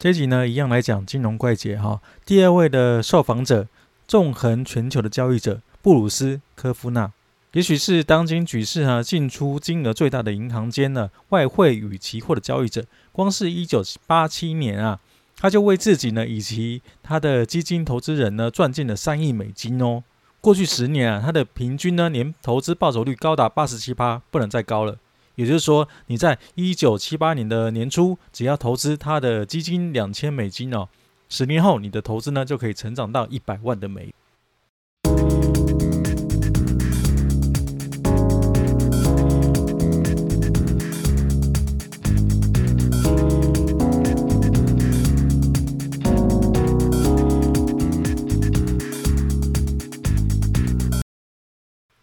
這集呢，一樣來講金融怪傑哈。第二位的受訪者，縱橫全球的交易者布魯斯柯夫納，也許是當今舉世啊進出金額最大的銀行間呢、啊，外匯與期貨的交易者。光是一九八七年啊，他就為自己呢以及他的基金投資人呢賺進了三億美金哦。過去十年啊，他的平均呢年投資報酬率高達八十七趴，不能再高了。也就是說，你在一九七八年的年初，只要投資他的基金兩千美金哦，十年後你的投資呢就可以成長到一百萬的美。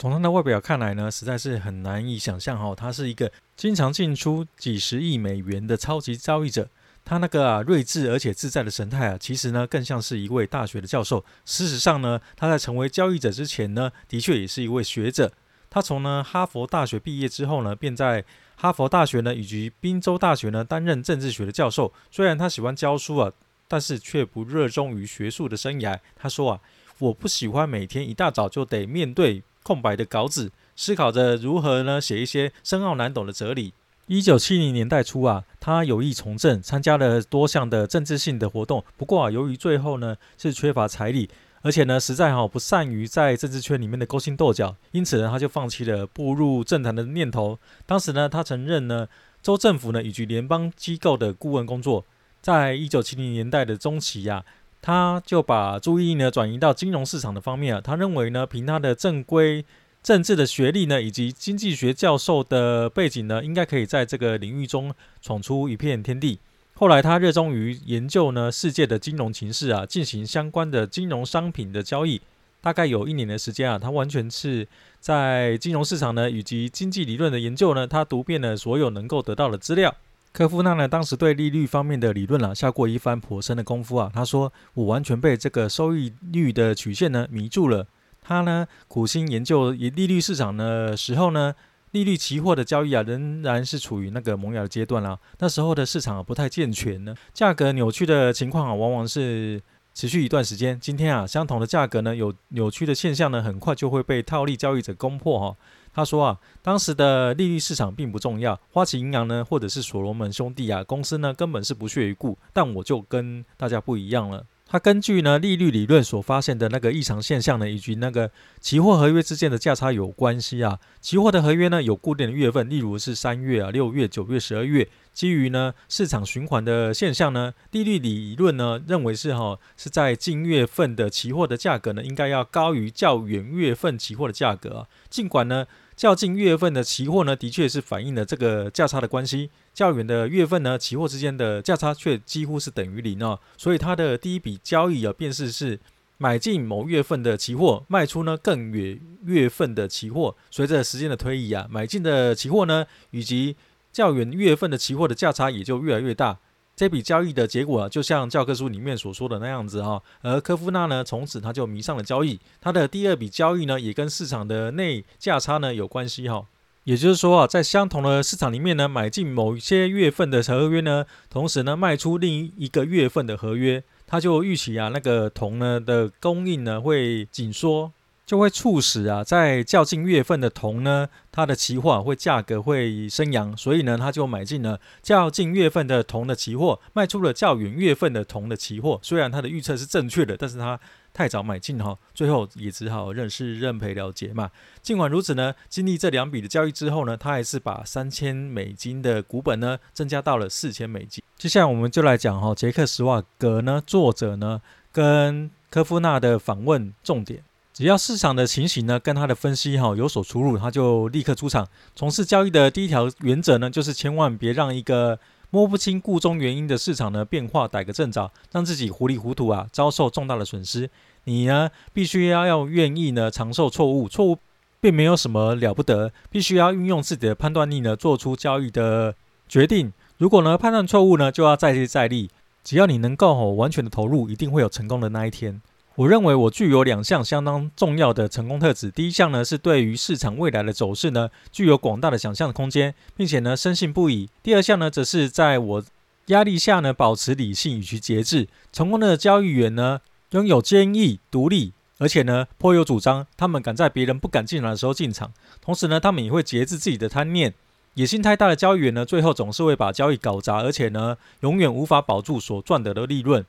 從他的外表看來呢，實在是很難以想象哈、哦，他是一個經常進出幾十億美元的超級交易者。他那個、啊、睿智而且自在的神態啊，其實呢，更像是一位大學的教授。事實上呢，他在成為交易者之前呢，的確也是一位學者。他從呢哈佛大學畢業之後呢，便在哈佛大學呢以及賓州大學呢擔任政治學的教授。雖然他喜歡教書啊，但是卻不熱衷於學術的生涯。他說啊，我不喜歡每天一大早就得面對，空白的稿子，思考着如何呢寫一些深奧難懂的哲理。一九七零年代初啊，他有意從政，參加了多項的政治性的活動。不過啊，由於最後呢是缺乏財力，而且呢實在好不善於在政治圈裡面的勾心鬥角，因此呢他就放棄了步入政壇的念頭。當時呢，他曾任呢州政府呢以及聯邦機構的顧問工作。在一九七零年代的中期呀、啊。他就把注意力呢轉移到金融市場的方面啊，他認為呢，憑他的正規政治的學歷呢，以及經濟學教授的背景呢，應該可以在這個領域中闖出一片天地。後來，他熱衷於研究呢世界的金融形勢啊，進行相關的金融商品的交易。大概有一年的時間啊，他完全是在金融市場呢，以及經濟理論的研究呢，他讀遍了所有能夠得到的資料。科夫納呢，當時對利率方面的理論啊，下過一番頗深的功夫啊。他說：“我完全被這個收益率的曲線呢迷住了。”他呢，苦心研究利率市場的時候呢，利率期貨的交易啊，仍然是處於那個萌芽階段啊。那時候的市場啊，不太健全呢，價格扭曲的情況啊，往往是，持續一段時間，今天啊，相同的價格呢有扭曲的現象呢，很快就會被套利交易者攻破哈、哦。他說啊，當時的利率市場並不重要，花旗銀行呢或者是所羅門兄弟啊公司呢根本是不屑一顧，但我就跟大家不一樣了。他根據呢利率理論所發現的那個異常現象呢，以及那個期貨合約之間的價差有關係啊。期貨的合約呢有固定的月份，例如是三月啊、六月、九月、十二月。基於呢市場循環的現象呢，利率理論呢認為是哈是在近月份的期貨的價格呢應該要高於較遠月份期貨的價格。啊，儘管呢。較近月份的期貨呢，的確是反映了這個價差的關係；較遠的月份呢，期貨之間的價差卻幾乎是等於零哦。所以他的第一筆交易啊，便是是買進某月份的期貨，賣出呢更遠月份的期貨。隨着時間的推移啊，買進的期貨呢，以及較遠月份的期貨的價差也就越來越大。這筆交易的結果啊，就像教科書裡面所說的那樣子哈哦，而柯夫納呢，從此他就迷上了交易。他的第二筆交易呢，也跟市場的內價差呢有關係哈哦，也就是說啊，在相同的市場裡面呢，買進某一些月份的合約呢，同時呢賣出另一個月份的合約，他就預期啊那個銅呢的供應呢會緊縮。就會促使啊，在較近月份的銅呢，它的期貨、啊、會價格會升揚，所以呢，他就買進了較近月份的銅的期貨，賣出了較遠月份的銅的期貨。雖然他的預測是正確的，但是他太早買進哈、哦，最後也只好認識認賠了結嘛。盡管如此呢，經歷這兩筆的交易之後呢，他還是把三千美金的股本呢增加到了四千美金。接下來我們就來講哈、哦，傑克·史瓦格呢，作者呢跟科夫納的訪問重點。只要市場的情形呢跟他的分析哈有所出入，他就立刻出場。從事交易的第一條原則呢，就是千萬別讓一個摸不清故中原因的市場呢變化逮個正着，讓自己糊里糊塗啊遭受重大的損失。你呢必須要要願意呢承受錯誤，錯誤並沒有什麼了不得，必須要運用自己的判斷力呢做出交易的決定。如果呢判斷錯誤呢，就要再接再厲。只要你能夠吼完全的投入，一定會有成功的那一天。我認為我具有兩項相當重要的成功特質。第一項呢，是對於市場未來的走勢呢，具有廣大的想象空間，並且呢，深信不疑。第二項呢，則是在我壓力下呢，保持理性與其節制。成功的交易員呢，擁有堅毅、獨立，而且呢，頗有主張。他們敢在別人不敢進來的時候進場，同時呢，他們也會節制自己的貪念。野心太大的交易員呢，最後總是會把交易搞砸，而且呢，永遠無法保住所賺得的利潤。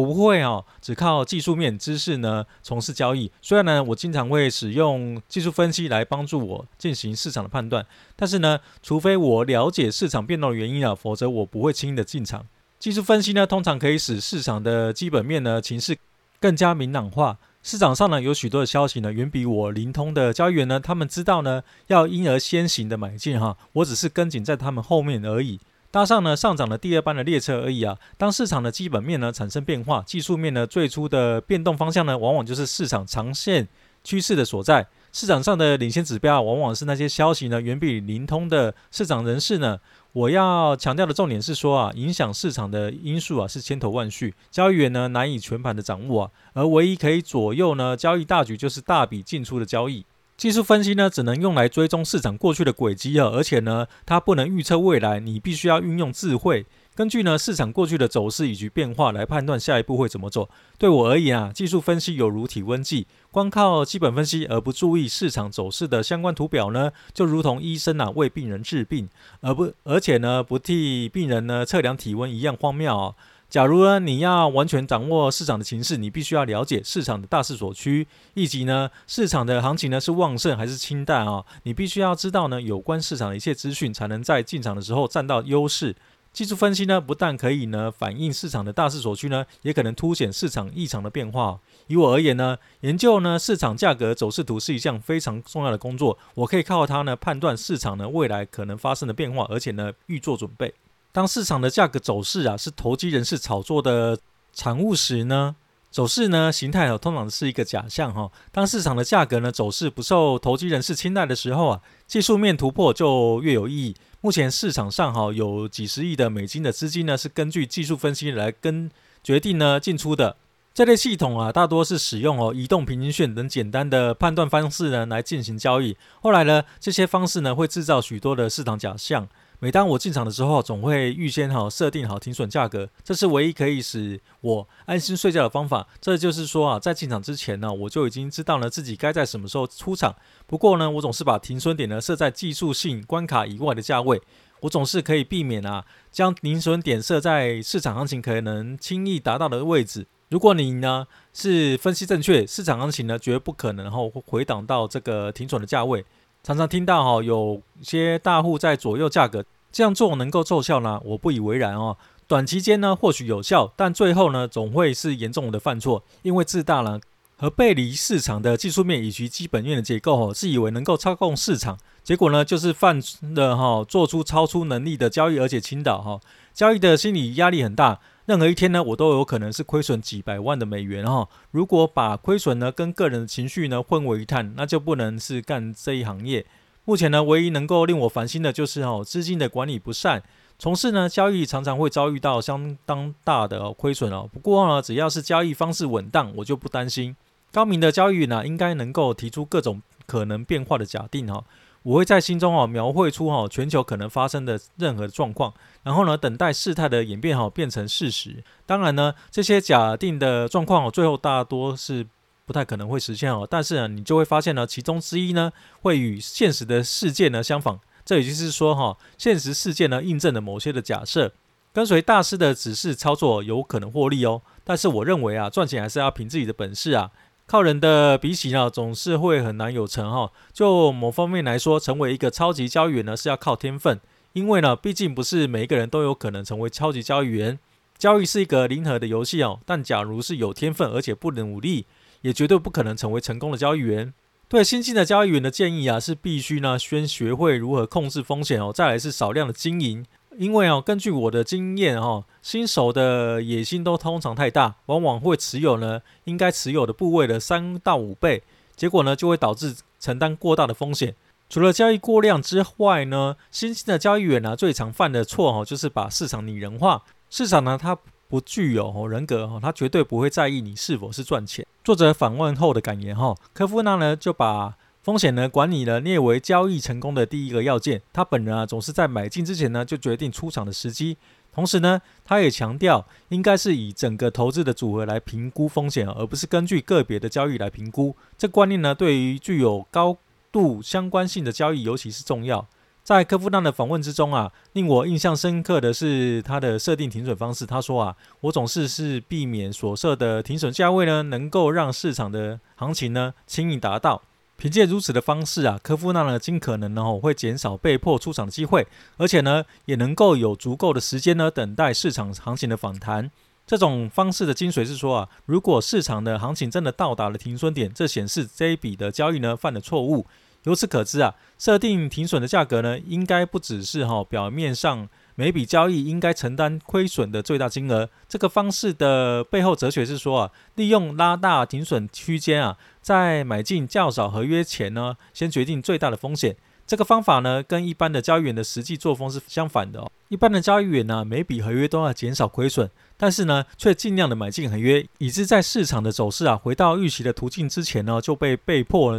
我不會啊、哦，只靠技術面知識呢，從事交易。雖然呢，我經常會使用技術分析來幫助我進行市場的判斷，但是呢，除非我了解市場變動的原因啊，否則我不會輕易的進場。技術分析呢，通常可以使市場的基本面呢，情勢更加明朗化。市場上呢，有許多的消息呢，遠比我靈通的交易員呢，他們知道呢，要因而先行的買進哈，我只是跟緊在他們後面而已。加上呢上漲的第二班的列車而已啊。當市場的基本面呢產生變化，技術面呢最初的變動方向呢，往往就是市場長線趨勢的所在。市場上的領先指標、啊、往往是那些消息呢遠比靈通的市場人士呢。我要強調的重點是說啊，影響市場的因素啊是千頭萬緒，交易員呢難以全盤的掌握啊。而唯一可以左右呢交易大局就是大筆進出的交易。技術分析呢，只能用來追蹤市場過去的軌跡，而且呢，它不能預測未來。你必須要運用智慧，根據呢市場過去的走勢以及變化來判斷下一步會怎麼做。對我而言啊，技術分析有如體溫計，光靠基本分析而不注意市場走勢的相關圖表呢，就如同醫生啊為病人治病而不而且呢不替病人呢測量體溫一樣荒謬哦。假如呢，你要完全掌握市場的情勢，你必須要了解市場的大勢所趨，以及呢市場的行情呢是旺盛還是清淡啊、哦？你必須要知道呢有關市場的一切資訊，才能在進場的時候佔到優勢。技術分析呢不但可以呢反映市場的大勢所趨呢，也可能凸顯市場異常的變化。以我而言呢，研究呢市場價格走勢圖是一項非常重要的工作，我可以靠它呢判斷市場呢未來可能發生的變化，而且呢預做準備。當市場的價格走勢啊是投機人士炒作的產物時呢，走勢呢形態哦通常是一個假象哈、哦。當市場的價格呢走勢不受投機人士青睞的時候啊，技術面突破就越有意義。目前市場上哈有幾十億的美金的資金呢是根據技術分析來跟決定呢進出的。這類系統啊大多是使用哦移動平均線等簡單的判斷方式呢來進行交易。後來呢這些方式呢會制造許多的市場假象。每當我進場的時候，總會預先哈設定好停損價格，這是唯一可以使我安心睡覺的方法。這就是說啊，在進場之前呢，我就已經知道了自己該在什麼時候出場。不過呢，我總是把停損點呢設在技術性關卡以外的價位，我總是可以避免啊將停損點設在市場行情可能輕易達到的位置。如果你呢是分析正確，市場行情呢絕不可能後回檔到這個停損的價位。常常聽到哈有些大戶在左右價格。這樣做能夠奏效呢？我不以為然哦。短期間呢，或許有效，但最後呢，總會是嚴重的犯錯，因為自大呢和背離市場的技術面以及基本面的結構哦，自以為能夠操控市場，結果呢，就是犯了哈、哦，做出超出能力的交易，而且傾倒哈、哦，交易的心理壓力很大。任何一天呢，我都有可能是虧損幾百萬的美元哈、哦。如果把虧損呢跟個人的情緒呢混為一談，那就不能是幹這一行業。目前呢，唯一能夠令我煩心的就是哦，資金的管理不善，從事呢交易常常會遭遇到相當大的哦、虧損哦。不過呢，只要是交易方式穩當，我就不擔心。高明的交易呢，應該能夠提出各種可能變化的假定哈、哦，我會在心中哈、哦、描繪出哈、哦、全球可能發生的任何狀況，然後呢等待事態的演變哈、哦、變成事實。當然呢，這些假定的狀況哦，最後大多是。不太可能會實現哦，但是呢，你就會發現呢，其中之一呢，會與現實的世界呢相仿。這也就是說哈、哦，現實世界呢印證了某些的假設。跟隨大師的指示操作有可能獲利哦，但是我認為啊，賺錢還是要憑自己的本事啊，靠人的鼻息呢，總是會很難有成哈、哦。就某方面來說，成為一個超級交易員呢，是要靠天分，因為呢，畢竟不是每一個人都有可能成為超級交易員。交易是一個零和的遊戲哦，但假如是有天分而且不努力，也絕對不可能成為成功的交易員，對。對新興的交易員的建議啊，是必須呢先學會如何控制風險哦，再來是少量的經營。因為哦，根據我的經驗哦，新手的野心都通常太大，往往會持有呢應該持有的部位的三到五倍，結果呢就會導致承擔過大的風險。除了交易過量之外呢，新興的交易員呢、啊、最常犯的錯哈，就是把市場擬人化。市場呢，它不具有人格哈，他絕對不會在意你是否是賺錢。作者訪問後的感言哈，柯夫納呢就把風險呢管理呢列為交易成功的第一個要件。他本人啊總是在買進之前呢就決定出場的時機，同時呢他也強調，應該是以整個投資的組合來評估風險，而不是根據個別的交易來評估。這觀念呢對於具有高度相關性的交易尤其是重要。在柯夫納的訪問之中啊，令我印象深刻的是他的設定停損方式。他說啊，我總是是避免所設的停損價位呢，能夠讓市場的行情呢輕易達到。憑借如此的方式啊，柯夫納呢盡可能呢會減少被迫出場的機會，而且呢也能夠有足夠的時間呢等待市場行情的反彈。這種方式的精髓是說啊，如果市場的行情真的到達了停損點，這顯示這一筆的交易呢犯了錯誤。由此可知啊，設定停損的價格呢，應該不只是哈、哦、表面上每筆交易應該承擔虧損的最大金額。這個方式的背後哲學是說啊，利用拉大停損區間啊，在買進較少合約前呢，先決定最大的風險。這個方法呢，跟一般的交易員的實際作風是相反的哦。一般的交易員呢，每筆合約都要減少虧損，但是呢，卻盡量的買進合約，以致在市場的走勢啊回到預期的途徑之前呢，就被被迫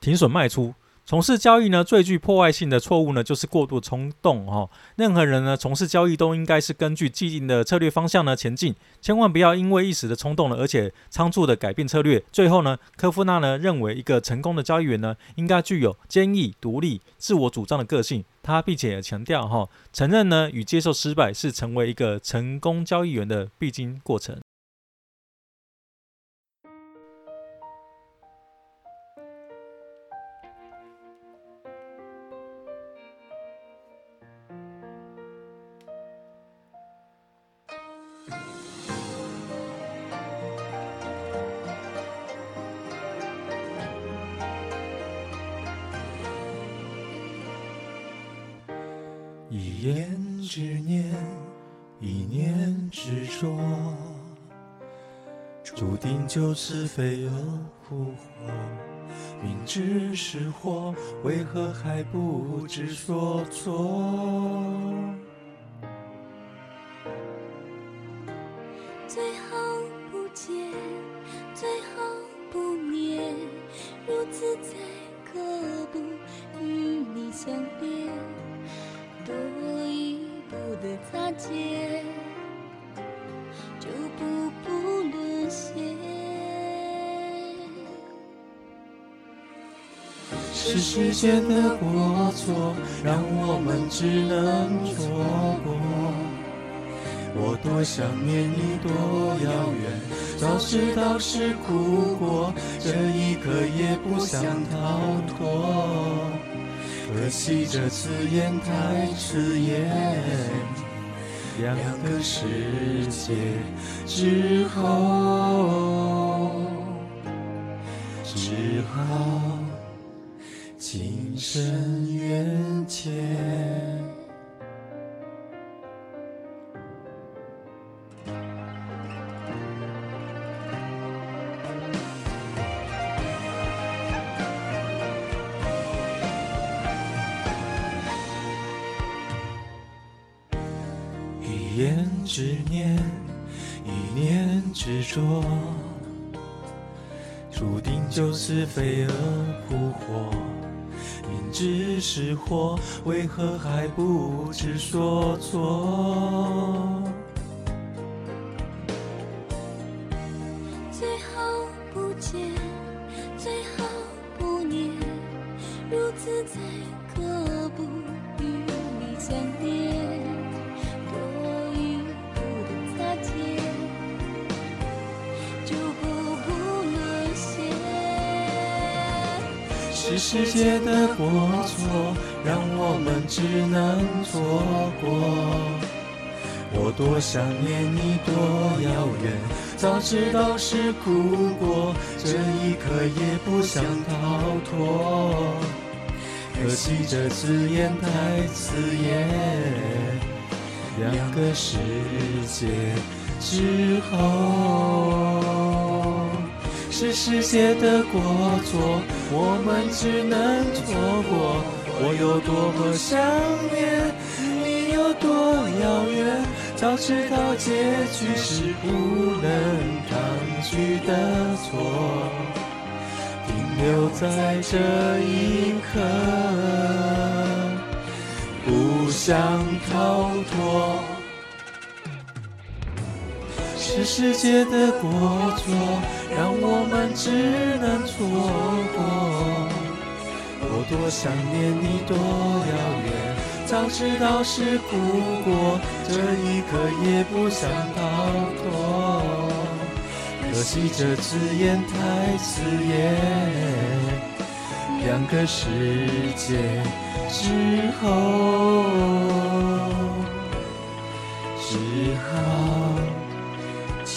停損賣出。從事交易呢，最具破壞性的錯誤呢，就是過度衝動哦。任何人呢，從事交易都應該是根據既定的策略方向呢前進，千萬不要因為一時的衝動呢，而且倉促的改變策略。最後呢，科夫納呢認為，一個成功的交易員呢，應該具有堅毅、獨立、自我主張的個性。他並且也強調哈，哦，承認呢與接受失敗是成為一個成功交易員的必經過程。一言之念，一念執着，注定就此飛蛾撲火。明知是禍，為何還不知所措？最好不見，最好不念，如此才，可不與你相別。擦肩，就步步淪陷。是時間的過錯，讓我們只能錯過。我多想念你，多遙遠，早知道是苦果，這一刻也不想逃脫。可惜這誓言太刺眼，兩個世界之後，只好情深緣淺。一，言之一念執念，一念執着，注定就此飛蛾撲火。明知是禍，為何還不知所措？是世界的過錯，讓我們只能錯過。我多想念你，多遙遠。早知道是苦果，這一刻也不想逃脫。可惜這誓言太刺眼，兩個世界之後。是世界的過錯，我們只能錯過。我有多麼想念，你有多遙遠。早知道結局是不能抗拒的錯，停留在這一刻，不想逃脫。是世界的過錯，讓我們只能錯過。我多想念你，多遙遠，早知道是苦果，這一刻也不想逃脫。可惜這字眼太刺眼，兩個世界之後，只好。